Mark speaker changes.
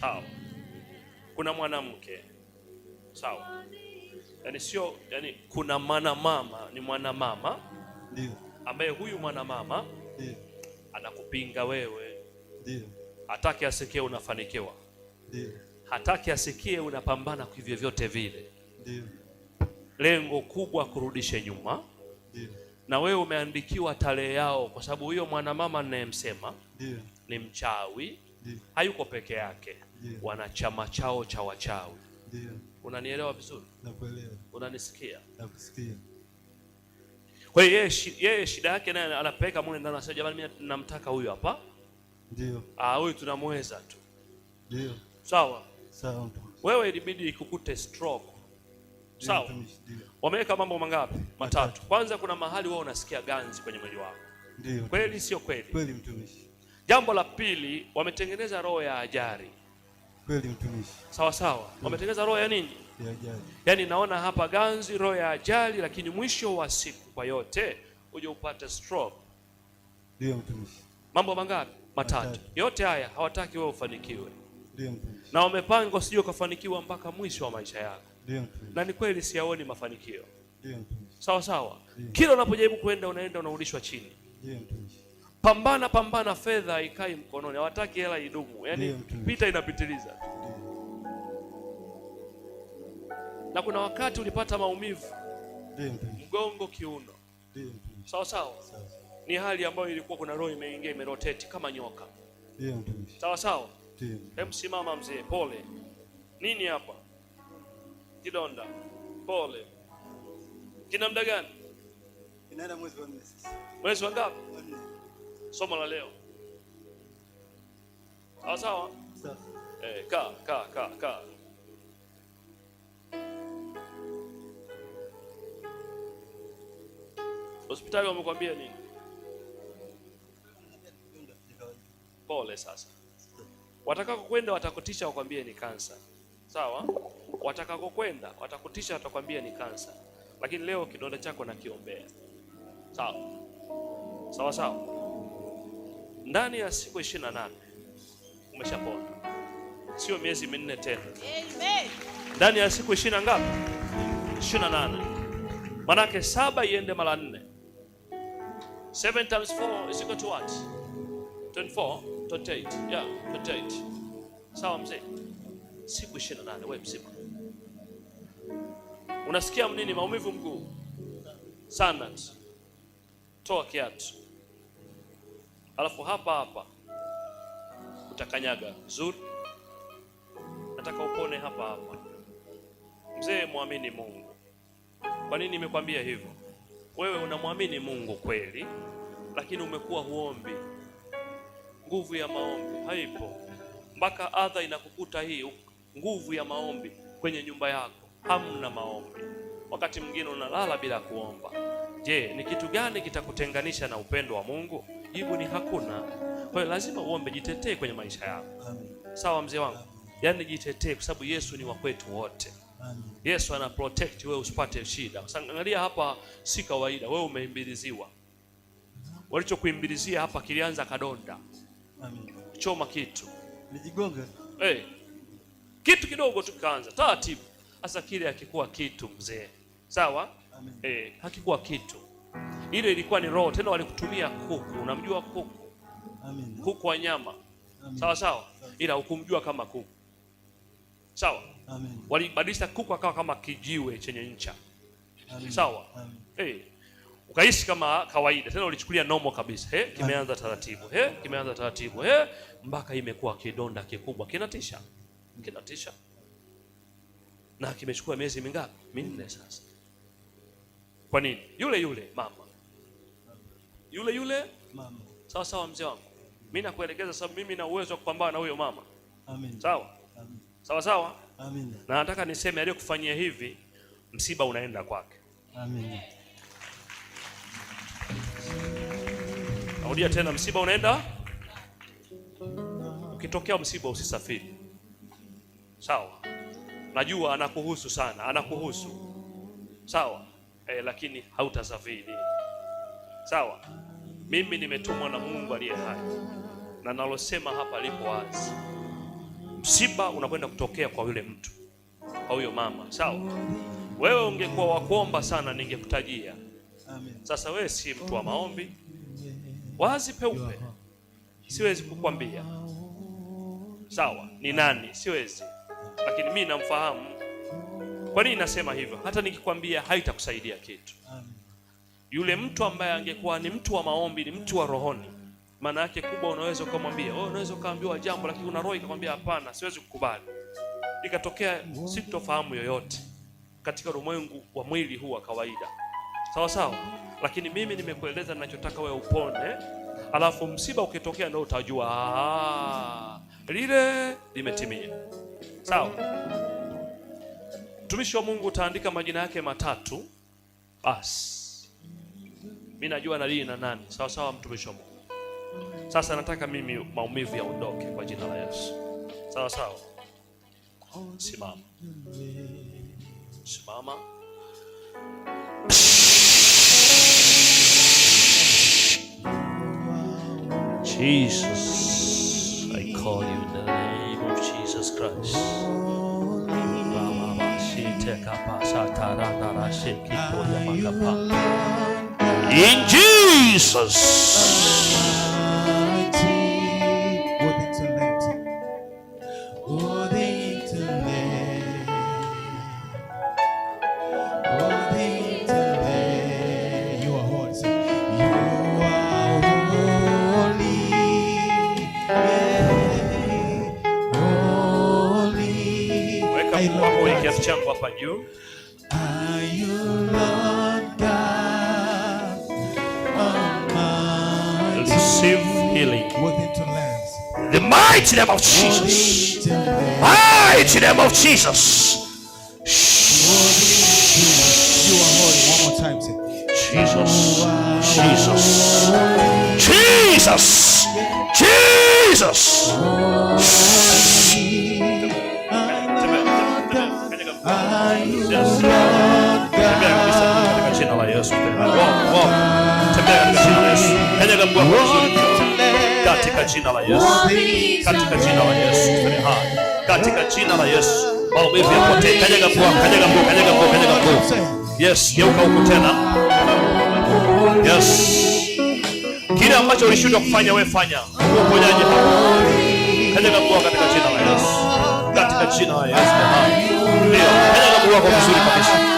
Speaker 1: sawa. Kuna mwanamke sawa, yani sio yani, kuna mwanamama ni mwanamama ndio, ambaye huyu mwanamama ndio anakupinga wewe, ndio hataki asikie unafanikiwa, ndio hataki asikie unapambana kwa vyote vile, ndio lengo kubwa kurudishe nyuma, ndio na wewe umeandikiwa tarehe yao, kwa sababu huyo mwanamama ninayemsema ni mchawi hayuko peke yake, wana chama chao cha wachawi. Unanielewa vizuri? Unanisikia? Kwa hiyo yeye shida yake naye anapeleka mule ndani, anasema jamani, mimi namtaka huyu hapa. Ndio. Ah, huyu tunamweza tu. Ndio. Sawa. Sawa. Wewe ilibidi ikukute stroke. Sawa. Wameweka mambo mangapi? Matatu. Kwanza kuna mahali wewe unasikia ganzi kwenye mwili wako. Ndio. Kweli sio kweli?
Speaker 2: Kweli mtumishi.
Speaker 1: Jambo la pili, wametengeneza roho ya ajari.
Speaker 2: Kweli mtumishi,
Speaker 1: sawa sawa, wametengeneza roho ya nini? Ya ajari. Yaani naona hapa ganzi, roho ya ajari, lakini mwisho wa siku kwa yote uje upate stroke. Ndio mtumishi. Mambo mangapi? Matatu. Yote haya hawataki wewe ufanikiwe. Ndio mtumishi. Na wamepanga usije ukafanikiwa mpaka mwisho wa maisha yako. Ndio mtumishi. Na ni kweli siyaoni mafanikio. Ndio mtumishi. Sawa sawa. Kila unapojaribu kuenda unaenda unarudishwa chini. Ndio mtumishi pambana pambana, fedha haikai mkononi, hawataki hela idumu, yaani vita inapitiliza. Na kuna wakati ulipata maumivu mgongo, kiuno, sawa sawa, ni hali ambayo ilikuwa kuna roho imeingia imeroteti kama nyoka, sawa sawa. Hem, simama mzee, pole nini hapa, kidonda pole, kina muda gani? Mwezi wa ngapi? somo la leo. Sawa sawa, eh, ka ka ka ka hospitali wamekwambia nini? Pole sasa. Watakako kwenda watakutisha wakwambie ni kansa. Sawa? Watakako kwenda watakutisha watakwambia ni kansa, lakini leo kidonda chako nakiombea. Sawa sawa sawa ndani ya siku 28 umeshapona, sio miezi minne tena.
Speaker 3: Amen.
Speaker 1: Ndani ya siku 20 ngapi? 28. Manake saba iende mara nne. 7 times 4 is equal to what? 24, 28. Yeah, 28. Sawa mzee, siku 28 wewe mzima. Unasikia mnini? Maumivu mguu sana, toa kiatu alafu hapa hapa utakanyaga vizuri. Nataka upone hapa hapa, mzee, muamini Mungu. Kwa nini nimekwambia hivyo? Wewe unamwamini Mungu kweli, lakini umekuwa huombi, nguvu ya maombi haipo, mpaka adha inakukuta hii nguvu ya maombi kwenye nyumba yako, hamna maombi. Wakati mwingine unalala bila kuomba. Je, ni kitu gani kitakutenganisha na upendo wa Mungu? jibu ni hakuna. Kwa hiyo lazima uombe, jitetee kwenye maisha yako. Amen. Sawa mzee wangu, yaani jitetee kwa sababu Yesu ni wa kwetu wote. Amen. Yesu ana protect wewe usipate shida. Sasa angalia hapa, si kawaida, wewe umeimbiliziwa. Walichokuimbilizia hapa kilianza kadonda. Amen. Choma kitu. nijigonge, Eh. Hey. Kitu kidogo tu taratibu. hasa kile hakikuwa kitu mzee. Sawa? Amen. Eh, hey, hakikuwa kitu. Ile ilikuwa ni roho tena, walikutumia kuku. Unamjua kuku? Amen. Kuku wa nyama, sawa sawa, ila hukumjua kama kuku, sawa. Walibadilisha kuku akawa kama kijiwe chenye ncha, sawa. Hey, ukaishi kama kawaida tena, ulichukulia nomo kabisa. He, kimeanza taratibu. He, kimeanza taratibu. He, mpaka imekuwa kidonda kikubwa, kinatisha, kinatisha na kimechukua miezi mingapi? Minne sasa. Kwa nini? Yule yule mama, yule yule mama. Sawa sawa, mzee wangu, mimi nakuelekeza, sababu mimi na uwezo wa kupambana na huyo mama. Amen. Sawa Amen. Sawa sawa Amen. Na nataka niseme aliyokufanyia hivi, msiba unaenda kwake. Amen. Narudia tena, msiba unaenda. Ukitokea msiba usisafiri, sawa? Najua anakuhusu sana, anakuhusu sawa eh, lakini hautasafiri. Sawa, mimi nimetumwa na Mungu aliye hai na nalosema hapa lipo wazi. Msiba unakwenda kutokea kwa yule mtu, kwa huyo mama. Sawa, wewe ungekuwa wa kuomba sana, ningekutajia. Sasa wewe si mtu wa maombi, wazi peupe, siwezi kukwambia sawa ni nani, siwezi, lakini mimi namfahamu kwa nini nasema hivyo? Hata nikikwambia haitakusaidia kitu. Amen. Yule mtu ambaye angekuwa ni mtu wa maombi, ni mtu wa rohoni, maana yake kubwa, unaweza ukamwambia wewe, oh, unaweza ukaambiwa jambo, lakini una roho ikakwambia hapana, siwezi kukubali, ikatokea sitofahamu yoyote katika ulimwengu wa mwili huu wa kawaida, sawa sawa. Lakini mimi nimekueleza ninachotaka wewe upone, alafu msiba ukitokea ndio utajua lile limetimia, sawa. Mtumishi wa Mungu utaandika majina yake matatu basi. Mimi najua na lini na nani, sawa sawa, mtumishi wa Mungu. Sasa nataka mimi maumivu yaondoke kwa jina la Yesu, sawa sawa. Simama, simama. Jesus, I call you in the name of Jesus Christ. In Jesus' up you. Are you Lord God Receive healing. The mighty name of Jesus. Mighty name of Jesus. You One more time, say. Jesus. Jesus. Jesus. Jesus. mbele Mungu wako vizuri katika jina la Yesu, katika jina la Yesu, katika jina la Yesu. Maumivu yapotee, kanyaga kwa kanyaga kwa kanyaga kwa kanyaga kwa Yes, geuka huko tena. Yes, kile ambacho ulishindwa kufanya wewe fanya, uponyaje hapo. Kanyaga kwa katika jina la Yesu, katika jina la Yesu. Ndio, kanyaga kwa kwa vizuri kabisa.